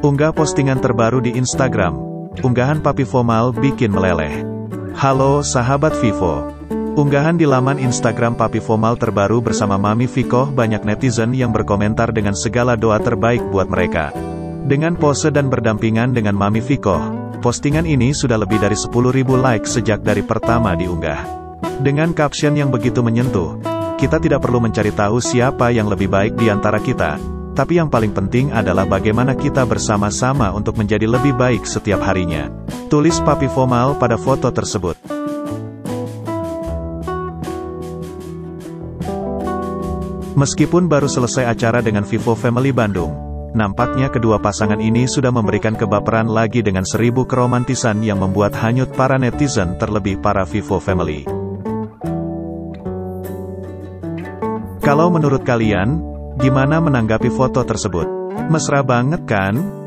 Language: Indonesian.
Unggah postingan terbaru di Instagram. Unggahan Papi Fomal bikin meleleh. Halo sahabat Vivo. Unggahan di laman Instagram Papi Fomal terbaru bersama Mami Vikoh banyak netizen yang berkomentar dengan segala doa terbaik buat mereka. Dengan pose dan berdampingan dengan Mami Fikoh, postingan ini sudah lebih dari 10.000 like sejak dari pertama diunggah. Dengan caption yang begitu menyentuh, kita tidak perlu mencari tahu siapa yang lebih baik di antara kita, tapi yang paling penting adalah bagaimana kita bersama-sama untuk menjadi lebih baik setiap harinya. Tulis Papi Fomal pada foto tersebut. Meskipun baru selesai acara dengan Vivo Family Bandung, Nampaknya kedua pasangan ini sudah memberikan kebaperan lagi dengan seribu keromantisan yang membuat hanyut para netizen terlebih para Vivo Family. Kalau menurut kalian, gimana menanggapi foto tersebut? Mesra banget kan?